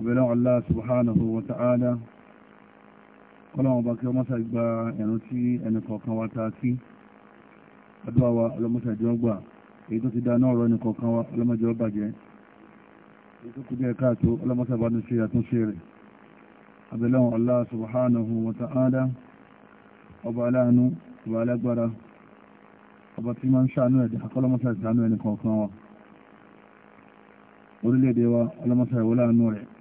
àbẹ̀lẹ́ Allah subhanahu wa ta'ala kọ́lọ́wọ́n bá kí wọ́n mọ́sá gba ẹ̀rùn tí ẹnì kọ̀ọ̀kan wa ta kí àdúrà wa ọlọ́mọsá jọ gbà èyí tó ti dá náà rọ ẹnì kọ̀ọ̀kan wa ọlọ́mọjọ bàjẹ́ èyí tó kú díẹ̀ káàtó ọlọ́mọsá àtúnṣe rẹ̀ orílẹ̀-èdè wa ọlọ́mọsá ìwọláàánú rẹ̀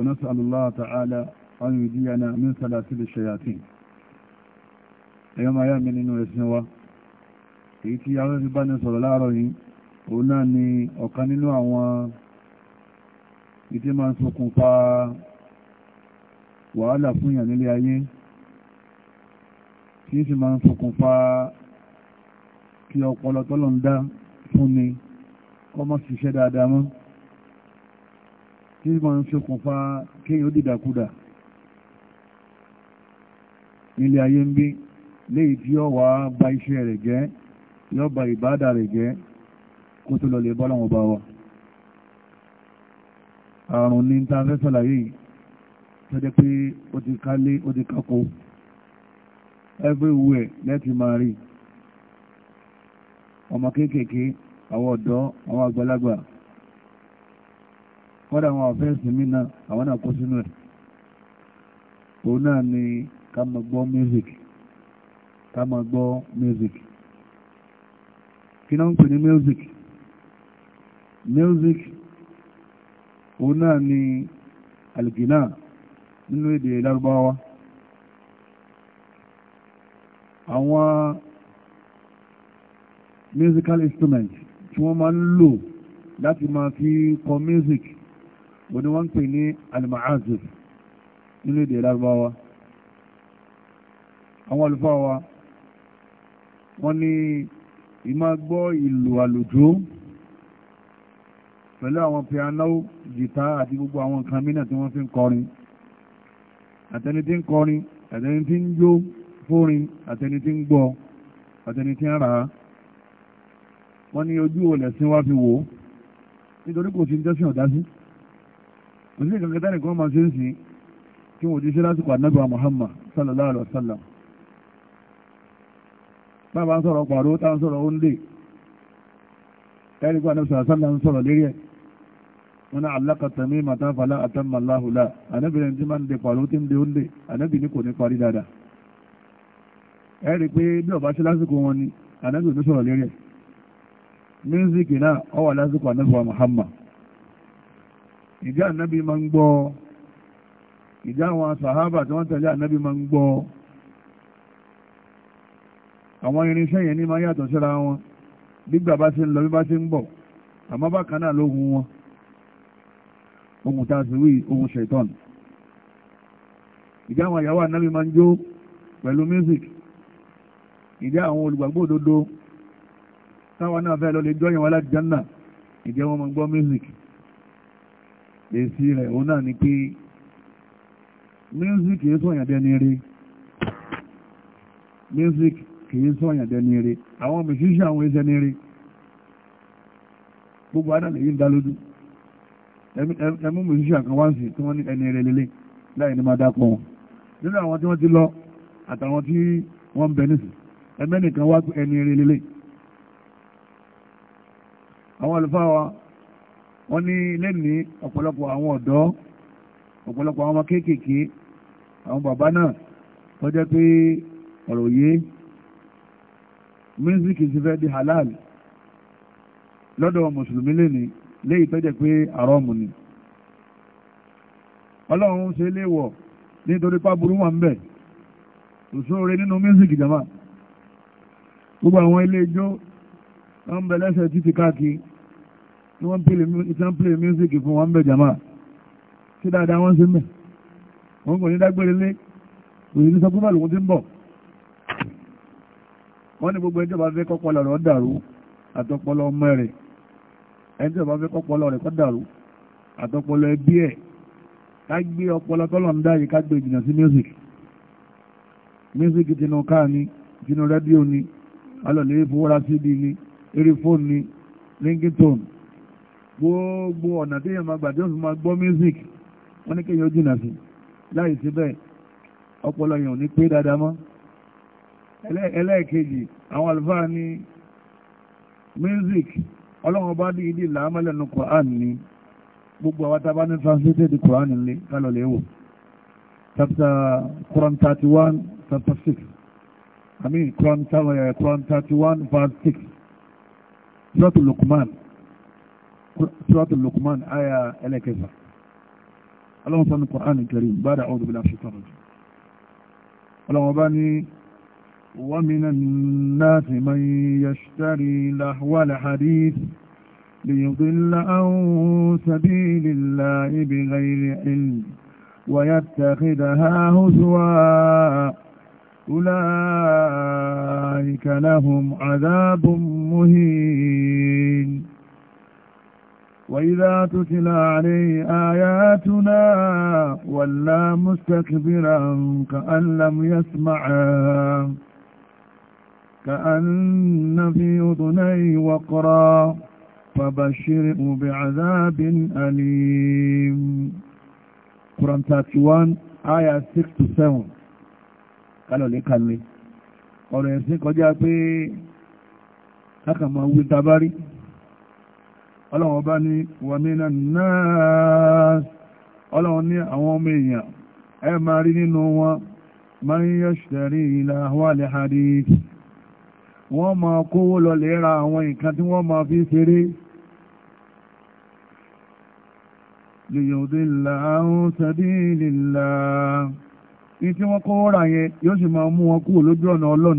ونسأل الله تعالى أن يجينا من سلاسل الشياطين ẹ̀yọ́mà yá mi nínú ẹ̀sìn wa èyí tí a rẹ̀ bá ní sọ̀rọ̀ láàárọ̀ yìí òun náà ni ọ̀kan nínú àwọn ìdí máa ń ṣokùnfà wàhálà fún ìyàn nílé ayé tí sì máa ń ṣokùnfà kí ọpọlọ tọ́lọ̀ ń dá fún ni kọ́ mọ́ ṣiṣẹ́ dáadáa mọ́ tí ma ń ṣokùnfà kéyàn ó dìdàkudà nílé ayé ń bí léyìí tí yóò wá bà iṣẹ́ rẹ̀ jẹ́ yóò bà ìbádà rẹ̀ jẹ́ kó tó lọ lè bọ́ lọ́wọ́ bá wa àrùn ní ta fẹ́ sọ̀làyé yìí tó jẹ́ pé ó ti kálé ó ti kákó everywhere lẹ́tì máa rí ọmọ kéékèèké àwọn ọ̀dọ́ àwọn àgbàlagbà kọ́dà àwọn àfẹ́sì mí náà àwọn náà kó sínú ẹ̀ òun náà ni ká máa gbọ́ music ká máa gbọ́ music kí náà ń pè ní music music òun náà ni alìgínà nínú èdè lárúbáwá àwọn musical instruments, tí wọ́n máa ń lò láti máa fi kọ music mo ní wọ́n ń pè ní alma'azif nínú èdè lárúbáwá àwọn olùfọ́ wa wọ́n ní ìmá gbọ́ ìlù àlùjó pẹ̀lú àwọn piano jìtá àti gbogbo àwọn nǹkan mìíràn tí wọ́n fi ń kọrin àtẹni tí ń kọrin àtẹni tí ń jó fórin àtẹni tí ń gbọ́ àtẹni tí ń rà wọ́n ní ojú olẹ̀sìn wá fi wò nítorí kò sí ń tẹ́sìn ọ̀dá sí kò sí ìkankan tẹ́nì kan máa ṣe ń sìn kí wọ́n ti ṣe lásìkò ànábìwá Muhammad sallallahu alaihi wa sallam bàbá ń sọ̀rọ̀ pàrọ̀ tá ń sọ̀rọ̀ oúnjẹ ẹ̀rí pa ànábìwá sàlá ń sọ̀rọ̀ lérí ẹ̀ wọn náà alákàtà mí màtá fàlà àtàmà láhùlà ànábìrin tí máa ń de pàrọ̀ tí ń de oúnjẹ ànábì ní kò ní parí dáadáa ẹ̀rí pé bí ọba ṣe lásìkò wọn ni ànábì ò ní sọ̀rọ̀ lérí ẹ̀ mísíkì náà ọwà lásìkò Muhammad ìjà ànábì máa ń gbọ́ ìjà àwọn sàhábà tí wọ́n tẹ̀lé ànábì máa ń gbọ́ àwọn irinṣẹ́ yẹn ní máa yàtọ̀ síra wọn gbígbà bá ṣe ń lọ bí bá ṣe ń bọ̀ àmọ́ bákan náà lóhun wọn ohun tá a wí ohun ṣẹ̀tọ́n ìjà àwọn ìyàwó ànábì máa ń jó pẹ̀lú music ìjà àwọn olùgbàgbọ́ òdodo táwọn náà fẹ́ lọ lè jọyìn wọn láti jẹ́ náà ìjẹ́ wọn gbọ́ music èsì rẹ̀ òun náà ni pé music kìí sọ̀yàn dẹni rí music kìí sọ̀yàn dẹni rí àwọn musician àwọn ẹsẹ̀ ní rí gbogbo adá lè yí ń dá lójú ẹmú musician kan wá sí tí wọ́n ní ẹni rẹ̀ lélẹ̀ láì ní máa dápọ̀ wọn nínú àwọn tí wọ́n ti lọ àtàwọn tí wọ́n ń bẹ nísìn ẹmẹ́nìkan wá ẹni rẹ̀ lélẹ̀ àwọn àlùfáà wa wọ́n ní lẹ́ni ọ̀pọ̀lọpọ̀ àwọn ọ̀dọ́ ọ̀pọ̀lọpọ̀ àwọn ọmọ kéékèèké àwọn bàbá náà tó jẹ́ pé ọ̀rọ̀ yé mísíkì ti fẹ́ di halal lọ́dọ̀ mùsùlùmí lẹ́ni léyìí tó jẹ́ pé àrọ́mù ni ọlọ́run ṣe léwọ̀ nítorí pàbùrú wọn bẹ̀ òṣòro nínú mísíkì jama gbogbo àwọn ilé ijó wọn bẹ̀ lẹ́sẹ̀ títí káàkiri ni wọ́n ń pèlè mísíkì fún wọn bẹ̀ jàmá kí dáadáa wọ́n sí mẹ́ wọ́n kò ní dágbére lé òyìn sọ fún bàlùkún tí ń bọ̀ wọ́n ní gbogbo ẹjọ́ bá fẹ́ kọ́pọ̀lọ́ rẹ̀ dàrú àtọpọlọ ọmọ rẹ̀ ẹjọ́ bá fẹ́ kọ́pọ̀lọ́ rẹ̀ kọ́ dàrú àtọpọlọ ẹbí ẹ̀ ká gbé ọpọlọ tọ́lọ̀ ń dá yìí ká gbé ìjìnà sí music music tinú káà ni tinú rẹ́díò ni alọ̀lẹ́ ìfowórasí ni eré fóònù ni linkin tone gbogbo ọ̀nà tí yẹn máa gbà tí ó gbọ́ music wọ́n ní kéèyàn jìnà sí láì sí bẹ́ẹ̀ ọpọlọ yẹn ò ní pé dáadáa mọ́ ẹlẹ́ẹ̀kejì àwọn àlùfáà ní music ọlọ́run bá ní ilé làámọ́lẹ́nu Quran ní gbogbo àwọn tá a bá ní translated Quran lé kálọ̀ lè wò chapter Quran thirty one chapter six I eh, verse six سورة اللقمان آية كذا اللهم صل على القرآن الكريم بعد أعوذ بالله من الشيطان الرجيم اللهم باني ومن الناس من يشتري لهو الحديث ليضل عن سبيل الله بغير علم ويتخذها هزوا أولئك لهم عذاب مهين وإذا تتلى عليه آياتنا ولا مستكبرا كأن لم يسمعها كأن في أذني وقرا فبشره بعذاب أليم قرآن 31 آية 6 to 7 kálọ̀ lè kàlẹ̀ ọ̀rọ̀ ẹ̀sìn kọjá pé kákàmọ̀ wí tabárí ọlọ́run ọba ní wàmínà náà ọlọ́run ní àwọn ọmọ èèyàn ẹ ma rí nínú wọn ma ń yẹ́ṣẹ̀rí ìlà wọ́n ma kówó lọlẹ̀ ra àwọn nǹkan tí wọ́n ma fi ṣeré ní tí wọ́n kówó rà yẹn yóò sì máa mú wọn kúrò lójú ọ̀nà ọlọ́run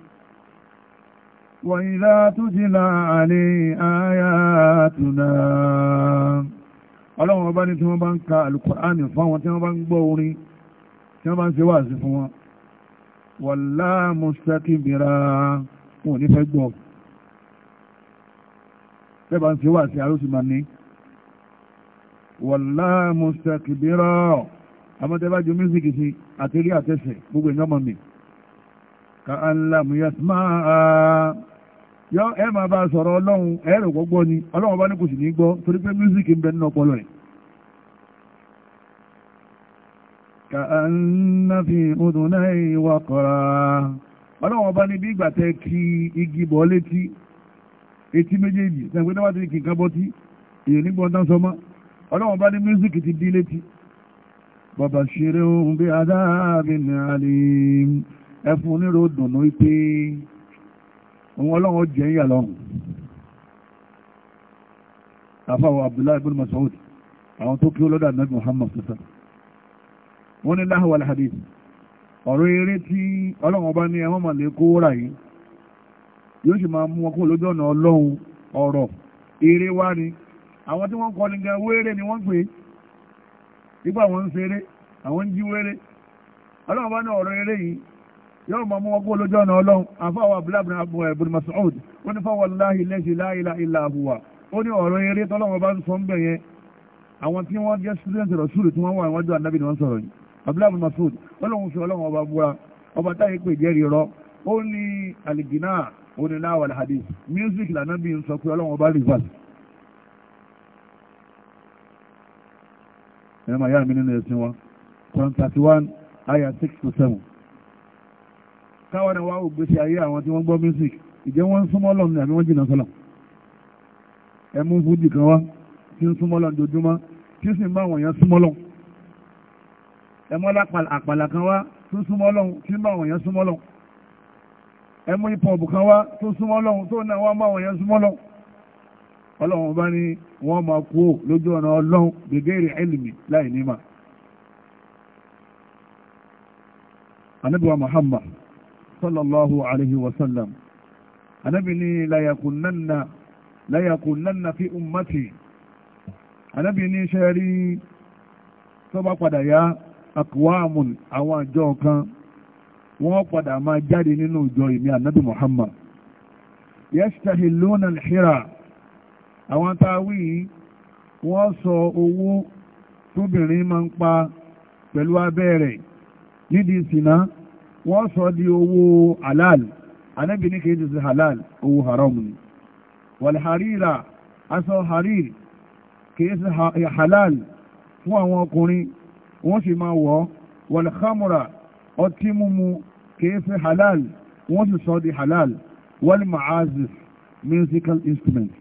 وإذا تجلى عليه آياتنا ọlọ́run ọba ní tí wọ́n bá ń ka alùkùránì fáwọn tí wọ́n bá ń gbọ́ orin tí wọ́n bá ń ṣe wáàsí fún wọn wọ̀lá mustakbira wọn ò ní fẹ́ gbọ́ tí wọ́n bá ń ṣe wáàsí àrósì máa ní wọ̀lá mustakbira àmọ́tẹ́bájú mísíkì sí àtẹ́rí àtẹ́sẹ̀ gbogbo ìyọ́mọ̀ mi ka'allam yasma'a yọ ẹ máa bá sọ̀rọ̀ ọlọ́run ẹ̀rọ gbọ́gbọ́ ni ọlọ́run bá ní kò sì ní gbọ́ torí pé mísíkì ń bẹ nínú ọpọlọ rẹ̀ ka'anna fi udunayhi waqra ọlọ́run bá ní bí ìgbà tẹ́ kí igi bọ̀ létí etí méjèèjì sẹ́gbẹ́ náà wá ti kì í tí èyàn nígbọ́n tán sọmọ́ ọlọ́run bá ní mísíkì ti dí létí babashirhum bi adhabin alim ẹfún onírò dùnú pé òun ọlọ́run jẹ́ ìyà lọ́rùn àfáwọ̀ abdullahi ibn masoud àwọn tó kí ó lọ́dọ̀ muhammad sọ́sọ́ wọ́n ní láhùwà ọ̀rọ̀ eré tí ọlọ́run bá ní ẹwọ́n màlẹ́ kó rà yìí yóò sì máa wọn lójú ọ̀nà ọlọ́run ọ̀rọ̀ eré wá ni àwọn tí wọ́n kọ́ ni gan wéré ni wọ́n pè é nígbà ń àwọn ń jí wéré ọlọ́run bá ní ọ̀rọ̀ eré yóò mọ̀ mú ọgbọ́ olójú ọ̀nà ọlọ́run àfáwà abúlábùn eh, ibn Mas'ud ó ní fọwọ́ láhì lẹ́sì la ilaha illa huwa ó ní ọ̀rọ̀ eré tọ́lọ́wọ́ bá ń sọ ń bẹ̀ yẹn àwọn tí wọ́n jẹ́ student Rasul tí wọ́n wà níwájú ànábì ni wọ́n sọ̀rọ̀ yìí abúlábùn Mas'ud ọlọ́run fi ọlọ́run ọba búra ọba táyé pè jẹ́rìí rọ ó ní alìgínà ó ní láwà alhadi music lànàbì sọ pé ọlọ́run ọba rivers ẹ̀rọ màá yára mi nínú ẹ̀sìn wa 21 aya 6 to 7 káwọn náà wá ògbésí ayé àwọn tí wọ́n gbọ́ music ìjẹ́ wọ́n ń súnmọ́ lọ́nà àbí wọ́n jìnnà sọ́lọ̀ ẹ mú fújì kan wá tí ń súnmọ́ lọ́nà dojúmọ́ tí sì ń bá àwọn èèyàn súnmọ́ lọ́n ẹ mú àpàlà kan wá tó súnmọ́ lọ́n tí ń bá àwọn èèyàn súnmọ́ lọ́n ẹ mú hip kan wá tó súnmọ́ lọ́n tó àwọn èèyàn sallallahu alayhi wa sallam anábì ní layakunanna layakunanna fi ummati anábì ní iṣẹ́ rí tó bá padà yá akwamun àwọn àjọ kan wọ́n padà máa jáde nínú ìjọ ìmí ànábì muhammad yẹ́sítàhìlónà hìrà àwọn táwí wọ́n sọ owó tóbìnrin máa ń pa pẹ̀lú abẹ́rẹ̀ nídìí sínà wọ́n sọ di owó halal anábì ní kìí ti halal owó haram ni wàlhàríra aṣọ harir kìí ti halal fún àwọn ọkùnrin wọ́n sì máa wọ̀ wàlhàmùra ọtí mímu kìí ti halal wọ́n sì sọ di halal wàlmàázif musical instrument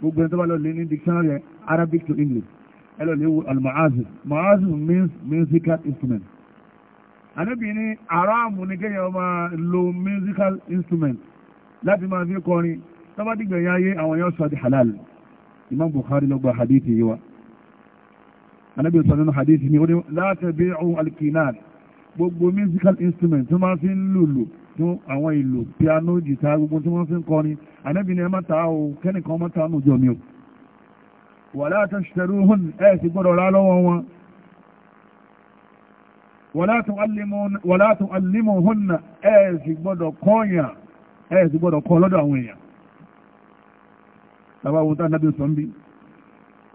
gbogbo ẹni tó bá lọ lé ní dictionary Arabic to English ẹ lọ wo almaazif maazif means musical instrument ànábì ní aráàmù ní kéèyàn máa lo musical instrument láti máa fi kọrin tọ́bá dìgbẹ̀yìn ayé àwọn yóò sọ di halal Imam Bukhari ló gba hadith yìí wa anábì sọ nínú hadith ni ó ní la tabi'u alkinar gbogbo musical instrument tó máa fi ń lùlù fún àwọn ìlú piano jìta gbogbo tí wọ́n fi ń kọrin anábì ni ẹ má ta o kẹ́nìkan má nù jọ mi o wala tashtaruhun ẹ̀ sì gbọ́dọ̀ rá lọ́wọ́ wọn wàlá tu'allimuhunna ẹ sì gbọ́dọ̀ kọ́yàn ẹ sì gbọ́dọ̀ kọ́ lọ́dọ̀ àwọn èèyàn tàbá wọn tán lábẹ́ sọ́n bí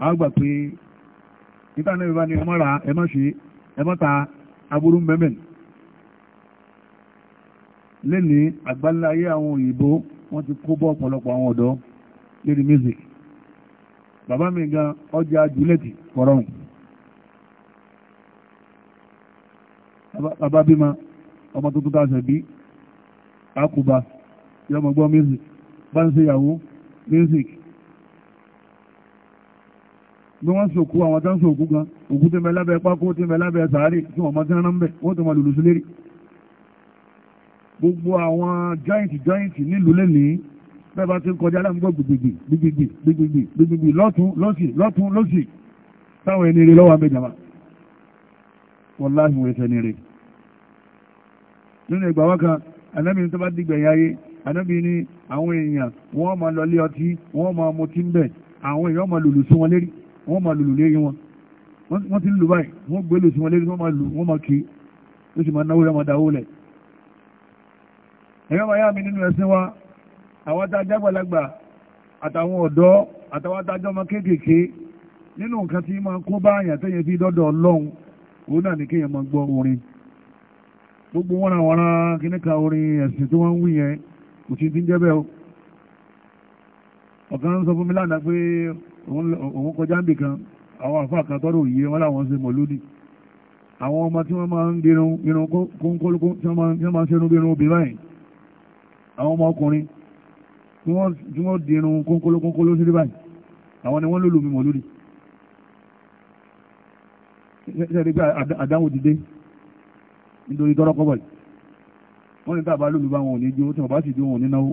a gbà pé ìta náà bá ní ẹ má ra ẹ má ṣe ẹ má ta aburú mẹ́mẹ́ lẹ́ni àgbáńlá ayé àwọn òyìnbó wọ́n ti kó bọ́ ọ̀pọ̀lọpọ̀ àwọn ọ̀dọ́ bàbá bímọ ọmọ tuntun tá a ṣẹ̀ bí àkùbà yọmọ gbọ́ music bá ń ṣe ìyàwó music bí wọ́n sòkú àwọn tó ń sòkú gan òkú tí ń bẹ lábẹ́ pákó tí ń bẹ lábẹ́ sàárè tí wọ́n mọ́ tí wọ́n ń bẹ̀ wọ́n tó mọ lùlù sí lérí gbogbo àwọn joint joint nílùú lẹ́nìí bẹ́ẹ̀ bá ti ń kọjá láàmúgbò gbìgbìgbì gbìgbìgbì gbìgbìgbì gbìgbìgbì lọ́tún lọ́sì lọ́tún lọ́sì táwọn ẹni rẹ lọ́wọ́ àmì ìjàmbá wọ́n láti wọ́n ẹsẹ̀ ni rẹ̀ nínú ìgbà wákan anábì tó bá dìgbẹ̀yìn ayé anábì ní àwọn èèyàn wọ́n máa lọlé ọtí wọ́n máa mutí ń bẹ̀ àwọn èèyàn máa lùlù sí wọn lérí wọ́n máa lùlù lérí wọn wọ́n ti ń lù báyìí wọ́n gbé lù sí wọn lérí wọ́n máa lù wọ́n máa kì í ó sì máa náwó rẹ̀ máa dáwó lẹ̀. ẹ̀yọ́ màyá mi nínú ẹ̀sìn wa àwọn tá a jágbàlagbà àtàwọn ọ̀dọ́ àtàwọn adájọ́ máa kéékèèké nínú nǹkan tí máa kó báyà tẹ́yẹ fi dọ́dọ̀ ọlọ́run òun náà ní kéèyàn máa gbọ́ orin gbogbo wọn àwọn ará kíníkà orin ẹ̀sìn tí wọ́n ń wí yẹn kò sí ti ń jẹ́bẹ̀ o ọ̀kan sọ fún mi lánàá pé òun kọjá ń bì kan àwọn àfáà kan tọ́rọ òye wọn láwọn ṣe mọ̀lúdì àwọn ọmọ tí wọ́n máa ń dirun irun kónkólókó tí wọ́n máa ń ṣerun bí irun obìnrin báyìí àwọn ọmọ ọkùnrin tí wọ́n dirun kónkólókónkóló sí báyìí àwọn ni wọ́n lòlù mi mọ̀lúdì ṣẹ́ẹ̀rí pé nítorí tọ́rọ́kọ́bọ̀ yìí wọ́n ní tàbá lómi bá wọn ò ní jó tí wọ́n bá sì jó wọn ò ní náwó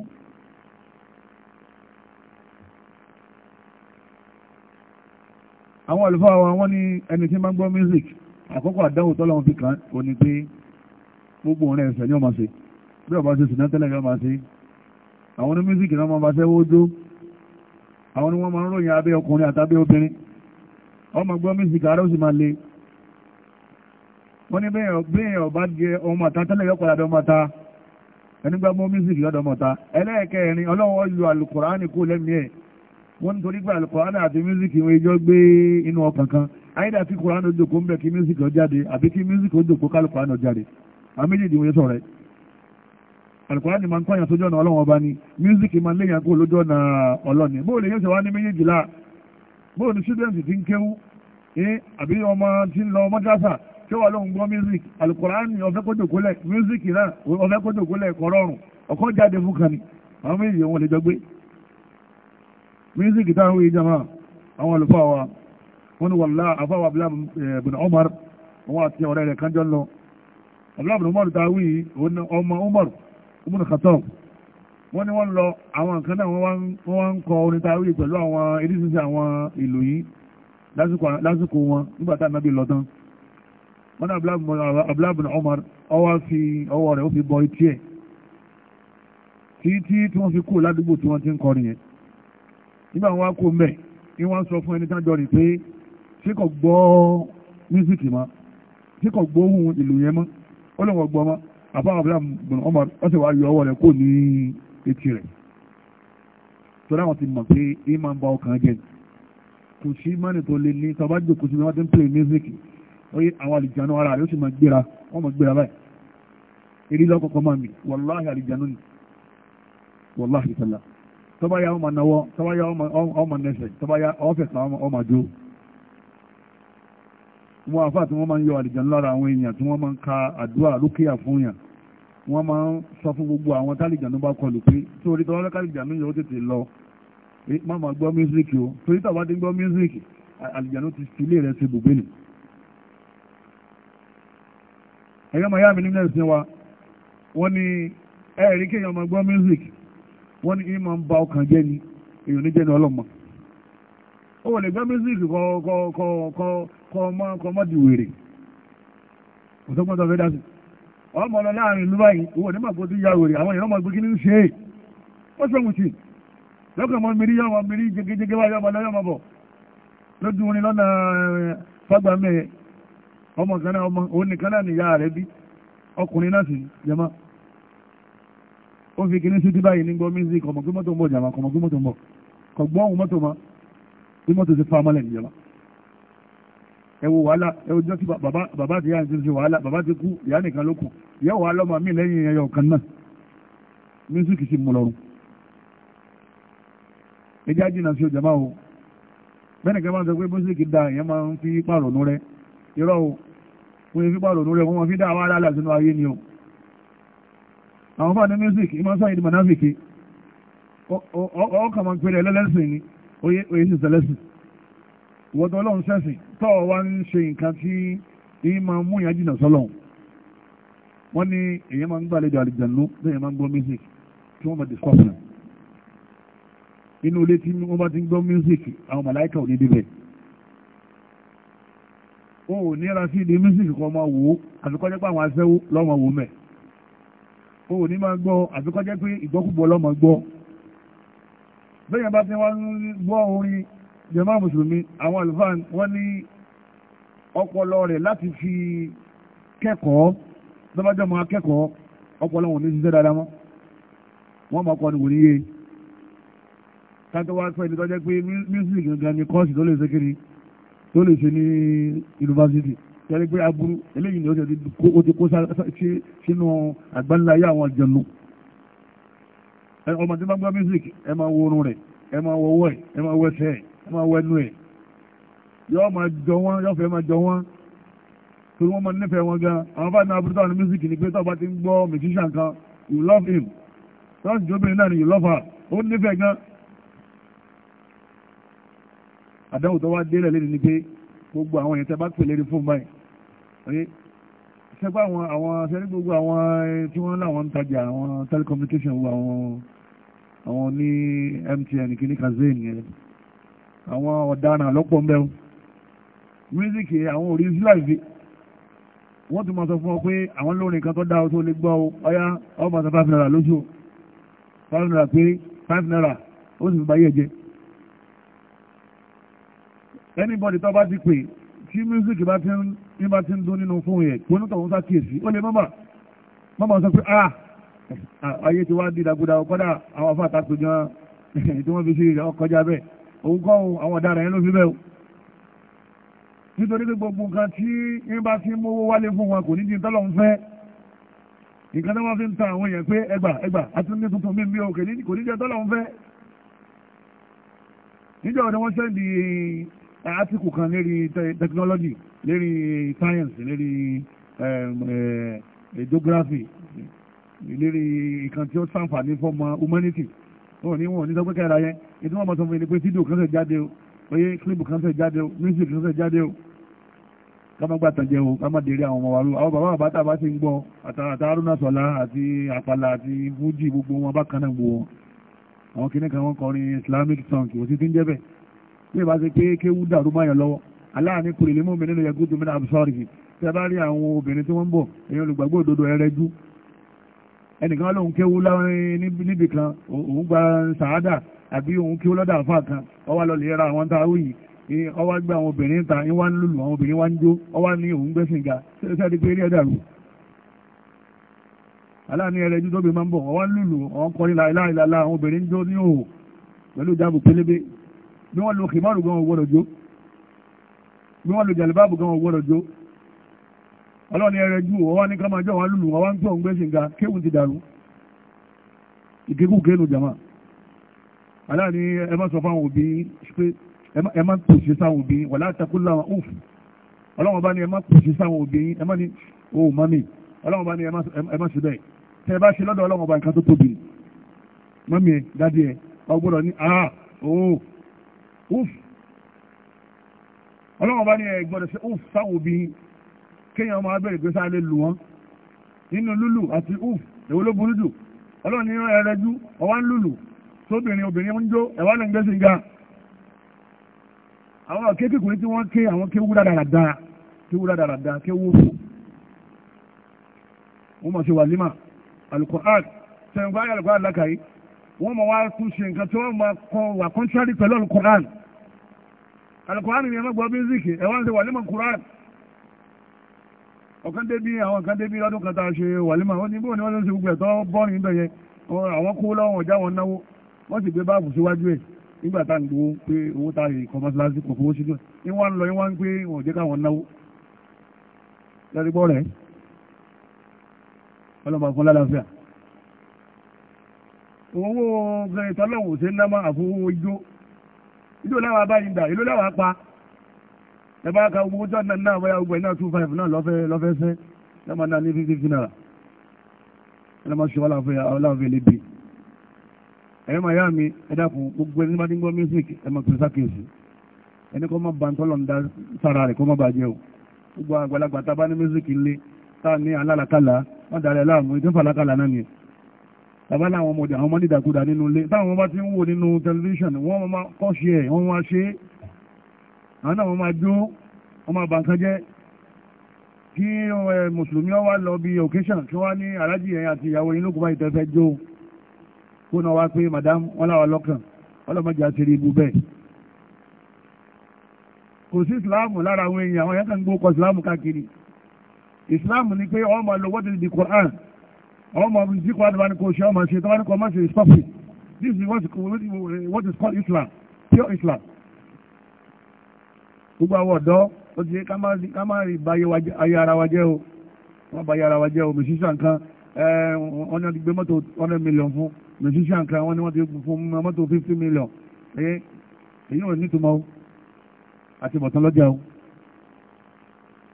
àwọn àlùfáà wa wọ́n ní ẹni tí máa ń gbọ́ music àkọ́kọ́ àdáwò tọ́lá wọn fi kàn ó ní pé gbogbo òun ẹ̀sẹ̀ ni wọ́n máa ṣe bí ọba ṣe sùn náà tẹ́lẹ̀ yọ máa àwọn ní music náà máa bá ṣẹ́wó jó àwọn ni wọ́n máa ń ròyìn abẹ́ ọkùnrin àtàbẹ́ obìnrin ọmọ gbọ́ music àárọ̀ sì máa le wọ́n ní bẹ́yàn ọba jẹ ọmọ àta tẹ́lẹ̀ yọ́pàá dọ́mọ́ta ẹnigbàmọ́ mísìkì ọdọ́mọ́ta ẹlẹ́ẹ̀kẹrin ọlọ́wọ́ yọ alùkùránì kó lẹ́mí ẹ̀ wọ́n ń torí pé alùkùránì àti mísìkì wọ́n ìjọ gbé inú ọkàn kan àyídà tí kùránì ojòkó ń bẹ̀ kí mísìkì ó jáde àbí kí mísìkì ojòkó kálùkùránì ó jáde àmì méjèèjì wọ́n sọ̀rọ̀ ẹ̀ ni mísìkì máa ń léyàn kó lójú ọ̀nà ọlọ́ni bóòlù yóò ṣe wá ní tí ó wà music alukoran ni ọ̀fẹ́ kójò music náà ọ̀fẹ́ kójò kólẹ̀ ẹ̀kọ́ rọrùn ọkọ̀ jáde fún kan music táwọn wí jama àwọn àlùfáà wa wọn ni wàllá Umar wọn àti ọ̀rẹ́ rẹ̀ kanjọ́ lọ abúlábùn Umar ta wí ọmọ Umar ibn Khattab wọ́n ní wọ́n lọ àwọn nǹkan náà wọ́n wá ń kọ orin ta wí pẹ̀lú àwọn eré àwọn ìlú yìí lásìkò wọn nígbà tá a lọ tán wọ́n náà abúlábùn Umar ọwọ́ fi ọwọ́ rẹ̀ ó fi bọ etí ẹ̀ tí tí tí wọ́n fi kú ládùúgbò tí wọ́n ti ń kọrin yẹn nígbà wọn kó mẹ́ ni wọ́n sọ fún ẹni tájọ rẹ̀ pé ṣé kò gbọ́ mísìkì mọ́ ṣé kò gbọ́ ohun ìlú yẹn mọ́ ó lọ́wọ́ gbọ́ mọ́ àbá abúlábùn Umar wọ́n sì wá yọ ọwọ́ rẹ̀ kó ní etí rẹ̀ tọ́lá wọn ti mọ̀ pé ìmọ̀ ń ba ọkàn jẹ kò sí mọ́nì tó le ní tọ́bájú kò sí mọ́nì tó ń oye àwọn àlìjànú ara rẹ̀ ó sì máa gbéra wọ́n máa gbéra báyìí èrí lọ́kọ̀ọ̀kan máa mi wàláhì àlìjànú ni wàláhì tàlà tọ́báyá ọmọ náwọ́ tọ́báyá ọmọ nẹ́sẹ̀ tọ́báyá ọ́fẹ̀sà ọmọ jó wọn àfáà tí wọ́n máa ń yọ àlìjànú lára àwọn èèyàn tí wọ́n máa ń ka àdúrà lókèyà fún yàn wọ́n máa ń sọ fún gbogbo àwọn tálìjànú bá kọlù pé torí tọ́lá kálìjànú yóò tètè lọ máa gbọ́ mísíríkì o torí gbọ́ mísíríkì àlìjànú ti filé rẹ̀ sí bùgbélì ẹ̀yọ́ màá yá mi nílẹ̀ sí wa wọ́n ní ẹ̀rí kéèyàn máa gbọ́ music wọ́n ní ìmọ̀ ń ba ọkàn jẹ́ ni èèyàn ní jẹ́ni ọlọ́mọ ó wọ̀ lè gbọ́ music kọ́ kọ́ kọ́ kọ́ kọ́ ọmọ kọ́ ọmọ di wèrè kò tó gbọ́dọ̀ fẹ́ dá sí ọmọ lọ láàrin ìlú báyìí owó ní màkó ti ya wèrè àwọn èèyàn máa gbé kí ní ṣe é wọ́n sọ wù sí lọ́kàn mọ́ mìírí yọ̀ọ́ mọ́ mìírí jẹgẹjẹgẹ wáyọ̀ ọmọ lọ́yọ̀ mọ́ bọ̀ lójú orin lọ́nà eh, fagbamẹ́yẹ ọmọ kan náà ọmọ òun nìkan náà nìyá rẹ̀ bí ọkùnrin náà sì jẹmọ́ ó fi kíní sí tíbáyìí ní gbọ́ music ọmọ kí mọ́tò ń bọ̀ jàmá ọmọ kí mọ́tò ń bọ̀ kò gbọ́ ohun mọ́tò mọ́ bí mọ́tò ti fa ọmọlẹ̀ nìjọba ẹ wo wàhálà ẹ wo jọ́sí bàbá ti yá ìṣẹ́ṣe wàhálà bàbá ti kú ìyá nìkan ló kù ìyá wàhálà ọmọ mi lẹ́yìn ẹyọ kan náà music sì mú lọ́rùn ẹjẹ́ àjìnà sí ọjà máa wo bẹ́ẹ̀ nìkan máa sọ pé music da ìyẹn máa ń fi pààrọ̀ nú rẹ irọ́ oye fípa lòdó rẹ̀ wọ́n fi dá àwọn aláàlá sínú ayé ni o àwọn fàdé music imọ́ sáyid manafiki ọkà máa ń pèrè ẹlẹ́lẹ́sìn ni oye oye sì sẹlẹ́sìn wọ́dọ̀ ọlọ́run sẹ́sìn tọ́ wa ń ṣe nǹkan tí ní máa mú ìyá jìnà sọ́lọ́run wọ́n ní èyàn máa ń gbàlejò àlìjànú lẹ́yìn máa ń gbọ́ music tí wọ́n máa discuss inú ilé tí wọ́n bá ti ń gbọ́ music àwọn màláìkà ò ní débẹ̀ wọn ò níra sí ilé mísìkì kan máa wò ó àfikọ́jẹ́ pé àwọn aṣẹ́wó lọ́mọ wò mẹ́ wọn ò ní máa gbọ́ àfikọ́jẹ́ pé ìgbọ́kúgbọ́ lọ́mọ gbọ́ bẹ́yẹn bá ti wá ń gbọ́ orin jàmá mùsùlùmí àwọn àlùfáà wọ́n ní ọpọlọ rẹ̀ láti fi kẹ́kọ̀ọ́ lọ́bàjọ́ máa kẹ́kọ̀ọ́ ọpọlọ wọn ní ṣiṣẹ́ dáadáa mọ́ wọ́n máa kọ́ ni wò níye ká tó wá pẹ́ ní tọ́jẹ́ pé music gangan ni kọ́ọ̀sì tó lè ṣe kiri tó lè ṣe ní yunifásitì tẹ́lẹ̀ pé aburú eléyìí ni ó ti kó sínú àgbáńlá ayé àwọn àjọ̀nù ọmọdé bá gbá music ẹ máa wo orun rẹ̀ ẹ máa wo ọwọ́ ẹ̀ ẹ máa wo ẹsẹ̀ ẹ máa wo ẹnu ẹ̀ máa jọ wọ́n yọ́ fẹ́ máa jọ wọ́n torí wọ́n máa nífẹ̀ẹ́ wọn gan àwọn bá ní aburú ní music ni pé tọ́ba ti ń gbọ́ musician kan you love him tọ́sí jóbìnrin náà ni you love her ó nífẹ̀ẹ́ gan àdáhùn tó wá délẹ̀ lẹ́nu ni pé gbogbo àwọn èèyàn tẹ́ bá pè lérí fún báyìí oye sẹ́pà àwọn àwọn sẹ́ni gbogbo àwọn eh, tí wọ́n láwọn ń tajà àwọn telecommunication wo àwọn àwọn ní MTN kìíní kazeem yẹn àwọn ọ̀daràn lọ́pọ̀ mẹ́rin mísíkì àwọn orí síláìsì wọ́n tún máa sọ fún ọ pé àwọn lórin kan tó dá o tó lè gbọ́ o ọyá ọ máa sọ five naira lóṣù five naira pé five naira ó sì fi báyé ẹ̀jẹ̀ anybody tó bá ti pè tí music bá ti ń bá ti ń dún nínú fóun yẹn kí onítọ̀hún sá kíyèsí ó lè mọ́mọ́ mọ́mọ́ sọ pé ah, ah ayé ti wá di dàgbùdà ọ̀kọ́dà àwọn afọ àtàkùn gan tí wọ́n fi ṣe ìrẹ̀ ọkọjá bẹ́ẹ̀ òun kọ́ àwọn ọ̀daràn yẹn ló fi bẹ́ẹ̀ o nítorí pé gbogbo nǹkan tí ń bá ti mówó wálé fún wọn kò ní di tọ́lọ̀ ń fẹ́ nǹkan tó wọ́n fi ń ta àwọn èèyàn pé ẹgbà ẹgbà àti ní tuntun mi mi ò kò ní jẹ́ tọ́lọ̀ ń fẹ́ níjọ́ ni wọ́n sẹ́ndì átíkù kan lérí technology lérí science lérí eh, geography lérí ìkan tí ó sàǹfààní fọmọ humanity wọn ní wọn ní sọ pé kẹra yẹn ètò wọn mọ sọ fún mi ni pé fídíò kan ṣẹ̀ jáde o oyè clip kan ṣẹ̀ jáde o music kan ṣẹ̀ jáde o ká má o ká má dèrè àwọn ọmọ wa ló àwọn bàbá bàbá tàbá ti ń gbọ́ àtàrúnà sọlá àti àpàlà àti fújì gbogbo wọn bákan náà gbogbo wọn àwọn kìnnìkan wọn kọrin islamic song kò sí ti ń jẹ́ bẹ́ẹ̀ bí ìbá ṣe pé kéwú dàrú máyàn lọ́wọ́ aláàánú kùrì lè mú mi nínú yẹgúdù mi náà sọ́ọ̀rì yìí tí a bá rí àwọn obìnrin tí wọ́n ń bọ̀ èyàn olùgbàgbọ́ òdodo ẹrẹ́jú ẹnìkan lòun kéwú níbi kan òun gba sàádà àbí òun kéwú lọ́dà àfà kan ọwá lọ lè ra àwọn tá a wù yìí ọwá gbé àwọn obìnrin ta ìwá ń lùlù àwọn obìnrin wá ń jó ọwá ní òun gbẹ́sìn ga sẹ́ẹ̀dí pé eré ẹ̀dà aláàánú ẹrẹ́jú tóbi máa ń bọ̀ ọwá ń lùlù ọkọrin láìláìláà àwọn obìnrin jó ní òhò pẹ̀lú ìjábù pélébé bí wọ́n lo kìmọ́rù gan owó lọ́jọ́ bí wọ́n lo jàlùbáàbù gan owó lọ́jọ́ ọlọ́ni ẹrẹ ju ọwọ́ ní kámájọ́ wọn lùlù wọn wá ń tó ń gbèsè nga kéwù ti dàrú ìkékùkénu jama aláàní ẹ má sọ fáwọn òbí pé ẹ má pèsè sáwọn òbí wà látàkù láwọn òf ọlọ́wọ́n bá ní ẹ má pèsè sáwọn òbí ẹ má ní o mami ọlọ́wọ́n bá ní ẹ má ṣe bẹ́ẹ̀ tẹ ẹ bá ṣe lọ́dọ̀ ọlọ́wọ́n bá nǹkan tó tóbi mami ẹ dádì ẹ ọgbọ́dọ̀ ní ah oh uf ọlọ́wọ́n bá ní ẹ gbọ́dọ̀ ṣe uf sáwò bí kéèyàn máa bẹ̀rẹ̀ pé sáà lè lù wọ́n nínú lúlù àti uf èwo ló burú jù ọlọ́run ní ẹrẹ́jú ọwá ń lùlù sóbìnrin obìnrin ń jó ẹ̀wá lè ń gbé sìnga àwọn kéékèèkùn tí wọ́n ké àwọn kéwú dáradára kéwú dáradára kéwú fò wọ́n mọ̀ sí wàlímà alukur'an sẹ̀yìnkọ́ ayé alukur'an lákàáyé wọ́n mọ̀ wá tún ṣe nǹkan tí wọ́n mọ̀ kọ́ wà kọ́ńtírárì pẹ̀lú alukur'an alukurani ni ẹ mẹ́gbọ́ mísíkì ẹ wọ́n ń ṣe wàlímọ̀ kurani ọ̀kan débi àwọn kan débi lọ́dún kan tá a ṣe wàlímọ̀ wọ́n ní bóun ni wọ́n ló ń ṣe gbogbo ẹ̀tọ́ bọ́ọ̀lù níbẹ̀ yẹn àwọn kó lọ́wọ́ ọ̀já wọn náwó wọ́n sì gbé báàbù síwájú ẹ̀ nígbà tá à ń gbowó pé owó tá a yè kọ́ mọ́sálásí kò fowó sínú ẹ̀ wọ́n lọ wọ́n ń pé jẹ́ káwọn náwó lórí bọ́ rẹ̀ ọlọ́mọ fún lálàáfíà owó ìtọ́lọ́wọ̀ sí ń máa àfowó ijó ìlú láwà bá yìí gbà ìlú láwà pa ẹ̀bá ka gbogbo jọ́ náà náà wáyà gbogbo ẹ̀ náà two five náà lọ́fẹ́ lọ́fẹ́ sẹ́ lọ́mọ náà ní fifty fifty naira ẹ̀ lọ́mọ ṣe wà láàfin lè bì ẹ̀yẹ́ yá mi ẹ̀ dàkún gbogbo ẹni máa ń gbọ́ music ẹ̀ máa pèsè àkèsí ẹni kọ́ máa bàtọ́ lọ́n da sára rẹ̀ kọ́ máa bàjẹ́ o gbogbo àgbàlagbà tá a bá ní music ńlẹ̀ tá a ní alálàkàlà má dàrẹ́ láàmú ìdúnfàlàkàlà náà nìyẹn bàbá láwọn ọmọdé àwọn ọmọdé dàkúdà nínú ilé táwọn bá ti ń wò nínú tẹlifíṣàn wọ́n máa kọ́ ṣe ẹ̀ wọ́n máa ṣe àwọn náà wọ́n máa jó wọ́n máa bà kan jẹ́ kí mùsùlùmí wá lọ bí occasion kí wọ́n ní aláàjì ẹ̀yìn àti ìyàwó yín lókùnbá ìtẹ́fẹ́ jó kó náà wá pé madam wọ́n láwọn lọ́kàn ọlọ́mọdé àti rí ibú bẹ́ẹ̀ kò sí ìsìláàmù lára àwọn èèyàn àwọn ni pé ọmọ lọ àwọn ọmọ bíi zikwa adúlá ni kò ṣe ọmọ ṣe tó wá ní kò ọmọ ṣe stop this is what, what is called Islam pure Islam gbogbo àwọn ọ̀dọ́ ó ti ká má rí ba ayé ara wa jẹ́ o wọ́n ba ayé ara wa jẹ́ o mèṣíṣà nǹkan eh, wọ́n ní wọ́n ti gbé mọ́tò one hundred million fún mèṣíṣà nǹkan wọ́n ní wọ́n ti gbé fún mọ́tò fifty million èyí ò ní túmọ̀ o àti bọ̀tán lọ́jà o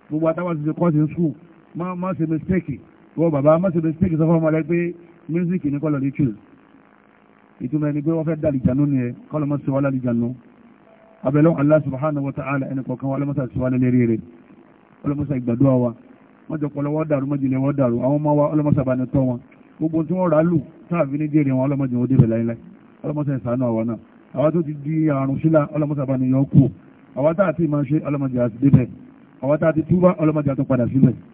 gbogbo àtàwọn ti ṣe kọ́ọ̀sì ń sùn má má ṣe mistake wọ́n bàbá mọ́sílẹ̀ síkì sọ fún ọmọ rẹ pé mísíkì ní kọ́lọ̀ ritual ìtumọ̀ ẹni pé wọ́n fẹ́ dàlìjànú ni ẹ kọ́lọ̀ mọ́sí wà lálìjànú abẹ́lẹ́ Allah subhanahu wa ta'ala ẹni kọ̀ọ̀kan wa ọlọ́mọ́sà sí wa lélẹ́rí rẹ̀ ọlọ́mọ́sà ìgbàdúrà wa wọ́n jọ pọ̀lọ́ wọ́n dàrú mọ́jìlẹ̀ wọ́n dàrú àwọn ọmọ wa ọlọ́mọ́sà bá ní tọ́ wọn gbogbo tí wọ́n rà lù táàfin ní jèrè wọn ọlọ́mọdé wọn débẹ̀ láyé láyé ọlọ́mọ́sà ìsànú àwọn náà àwọn tó ti di àrùn sílá